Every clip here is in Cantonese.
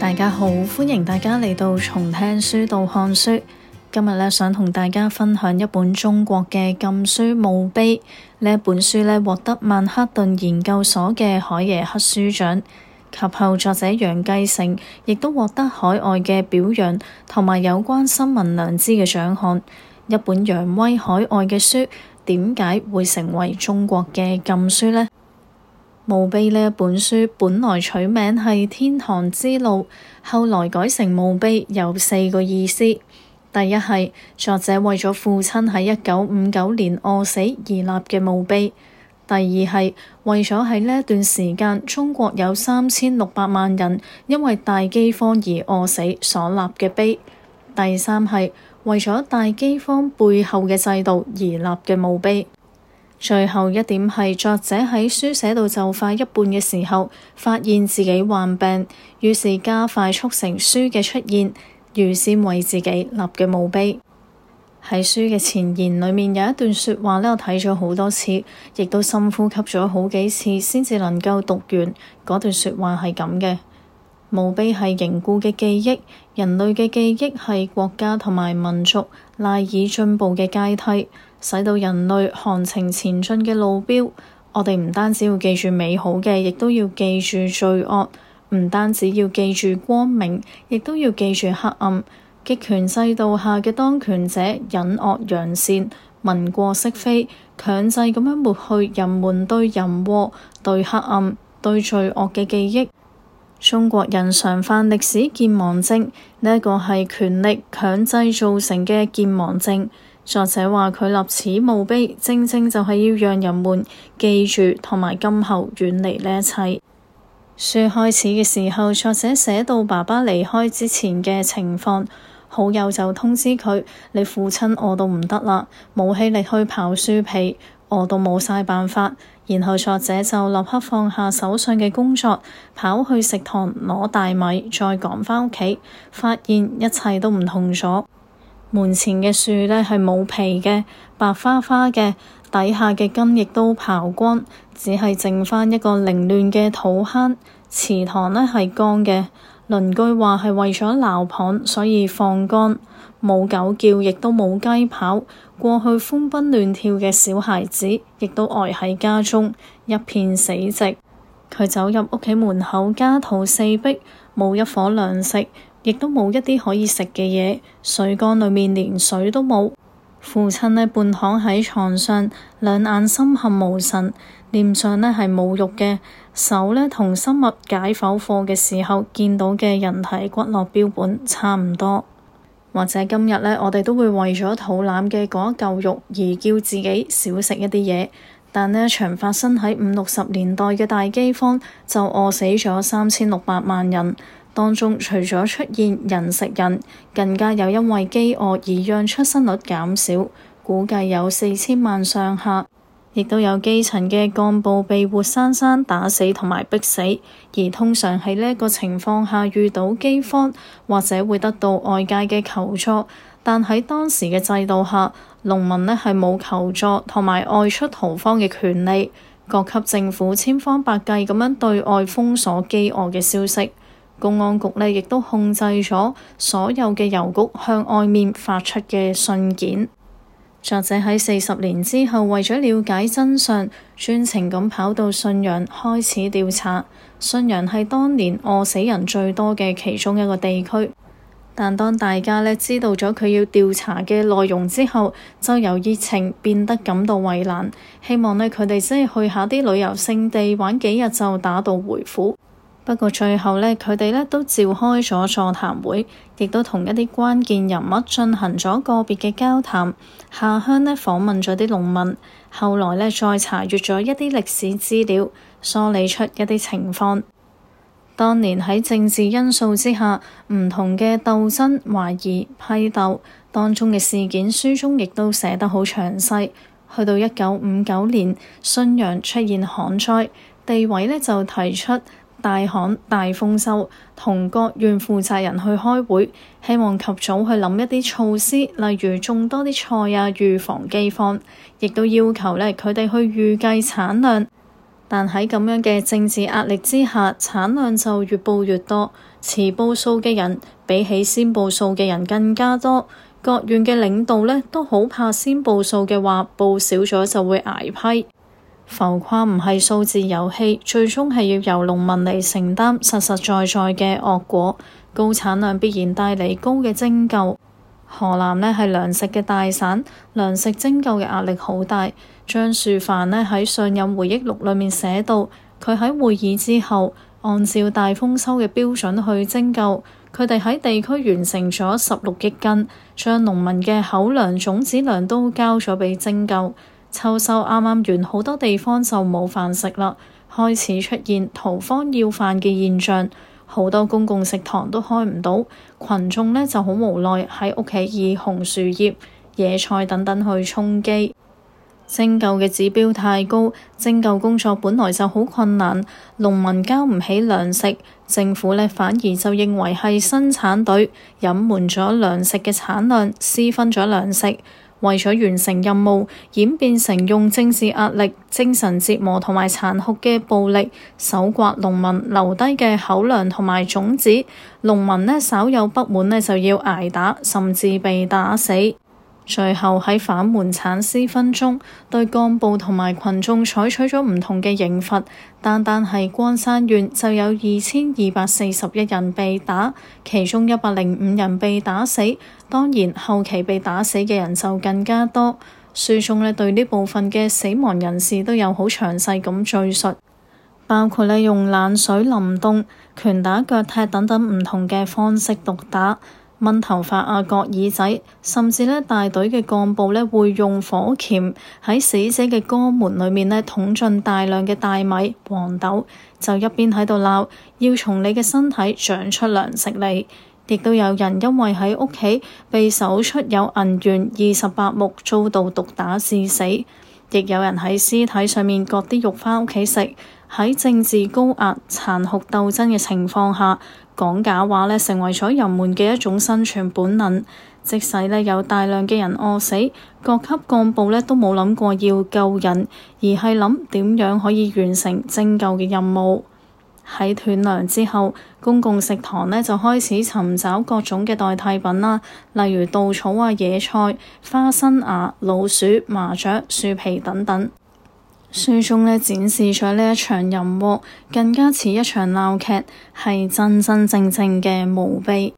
大家好，歡迎大家嚟到從聽書到看書。今日呢，想同大家分享一本中國嘅禁書《墓碑》。呢本書呢，獲得曼克頓研究所嘅海耶克書獎，及後作者楊繼繩亦都獲得海外嘅表揚同埋有關新聞良知嘅獎項。一本揚威海外嘅書，點解會成為中國嘅禁書呢？墓碑呢本書本來取名係《天堂之路》，後來改成墓碑，有四個意思。第一係作者為咗父親喺一九五九年餓死而立嘅墓碑；第二係為咗喺呢一段時間，中國有三千六百萬人因為大饑荒而餓死所立嘅碑；第三係為咗大饑荒背後嘅制度而立嘅墓碑。最後一點係作者喺書寫到就快一半嘅時候，發現自己患病，於是加快促成書嘅出現，預先為自己立嘅墓碑。喺書嘅前言裏面有一段說話呢，我睇咗好多次，亦都深呼吸咗好幾次先至能夠讀完。嗰段說話係咁嘅，墓碑係凝固嘅記憶，人類嘅記憶係國家同埋民族賴以進步嘅階梯，使到人類航程前進嘅路標，我哋唔單止要記住美好嘅，亦都要記住罪惡；唔單止要記住光明，亦都要記住黑暗。極權制度下嘅當權者隱惡揚善、文過飾非，強制咁樣抹去人們對人禍、對黑暗、對罪惡嘅記憶。中國人常犯歷史健忘症，呢一個係權力強制造成嘅健忘症。作者話佢立此墓碑，正正就係要讓人們記住同埋今後遠離呢一切。書開始嘅時候，作者寫到爸爸離開之前嘅情況，好友就通知佢：你父親餓到唔得啦，冇氣力去刨樹皮，餓到冇晒辦法。然後作者就立刻放下手上嘅工作，跑去食堂攞大米，再趕返屋企，發現一切都唔同咗。門前嘅樹呢係冇皮嘅，白花花嘅，底下嘅根亦都刨光，只係剩返一個凌亂嘅土坑。池塘呢係乾嘅，鄰居話係為咗澆壩，所以放乾。冇狗叫，亦都冇雞跑，過去歡蹦亂跳嘅小孩子，亦都呆喺家中，一片死寂。佢走入屋企門口，家徒四壁，冇一顆糧食。亦都冇一啲可以食嘅嘢，水缸裏面連水都冇。父親呢半躺喺床上，兩眼深陷無神，臉上呢係冇肉嘅，手呢，同生物解剖課嘅時候見到嘅人體骨骼標本差唔多。或者今日呢，我哋都會為咗肚腩嘅嗰一嚿肉而叫自己少食一啲嘢，但呢場發生喺五六十年代嘅大饑荒就餓死咗三千六百萬人。當中除咗出現人食人，更加又因為飢餓而讓出生率減少，估計有四千萬上下。亦都有基層嘅幹部被活生生打死同埋逼死，而通常喺呢個情況下遇到饑荒或者會得到外界嘅求助，但喺當時嘅制度下，農民咧係冇求助同埋外出逃荒嘅權利。各級政府千方百計咁樣對外封鎖飢餓嘅消息。公安局呢亦都控制咗所有嘅郵局向外面發出嘅信件。作者喺四十年之後，為咗了，了解真相，專程咁跑到信陽開始調查。信陽係當年餓死人最多嘅其中一個地區。但當大家呢知道咗佢要調查嘅內容之後，就由熱情變得感到為難。希望呢佢哋只係去下啲旅遊勝地玩幾日就打道回府。不過最後呢，佢哋呢都召開咗座談會，亦都同一啲關鍵人物進行咗個別嘅交談。下鄉呢訪問咗啲農民，後來呢再查閱咗一啲歷史資料，梳理出一啲情況。當年喺政治因素之下，唔同嘅鬥爭、懷疑、批鬥當中嘅事件，書中亦都寫得好詳細。去到一九五九年，信陽出現旱災，地委呢就提出。大旱大豐收，同各縣負責人去開會，希望及早去諗一啲措施，例如種多啲菜啊，預防饑荒。亦都要求呢佢哋去預計產量。但喺咁樣嘅政治壓力之下，產量就越報越多，遲報數嘅人比起先報數嘅人更加多。各縣嘅領導呢都好怕先報數嘅話報少咗就會捱批。浮誇唔係數字遊戲，最終係要由農民嚟承擔實實在在嘅惡果。高產量必然帶嚟高嘅徵購。河南呢係糧食嘅大省，糧食徵購嘅壓力好大。張樹凡呢喺上任回憶錄裏面寫到，佢喺會議之後按照大豐收嘅標準去徵購，佢哋喺地區完成咗十六億斤，將農民嘅口糧種子糧都交咗俾徵購。秋收啱啱完，好多地方就冇飯食啦，開始出現逃荒要飯嘅現象，好多公共食堂都開唔到，群眾呢就好無奈喺屋企以紅薯葉、野菜等等去充飢。徵購嘅指標太高，徵購工作本來就好困難，農民交唔起糧食，政府呢反而就認為係生產隊隱瞞咗糧食嘅產量，私分咗糧食。為咗完成任務，演變成用政治壓力、精神折磨同埋殘酷嘅暴力，搜刮農民留低嘅口糧同埋種子。農民呢，稍有不滿呢，就要挨打，甚至被打死。最後喺反瞞產私分中，對幹部同埋群眾採取咗唔同嘅刑罰。單單係光山縣就有二千二百四十一人被打，其中一百零五人被打死。當然，後期被打死嘅人就更加多。書中呢對呢部分嘅死亡人士都有好詳細咁敘述，包括呢用冷水淋凍、拳打腳踢等等唔同嘅方式毒打。掹頭髮啊，割耳仔，甚至呢大隊嘅幹部呢會用火鉗喺死者嘅肛門裏面呢捅進大量嘅大米、黃豆，就一邊喺度鬧：「要從你嘅身體長出糧食嚟！」亦都有人因為喺屋企被搜出有銀元二十八目，遭到毒打致死。亦有人喺屍體上面割啲肉翻屋企食。喺政治高壓、殘酷鬥爭嘅情況下，講假話咧成為咗人們嘅一種生存本能。即使咧有大量嘅人餓死，各級幹部咧都冇諗過要救人，而係諗點樣可以完成拯救嘅任務。喺斷糧之後，公共食堂呢，就開始尋找各種嘅代替品啦，例如稻草啊、野菜、花生芽、老鼠、麻雀、樹皮等等。書中呢，展示咗呢一場人禍，更加似一場鬧劇，係真真正正嘅墓碑。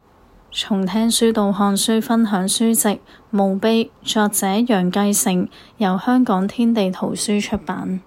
從聽書到看書，分享書籍《墓碑》，作者楊繼成，由香港天地圖書出版。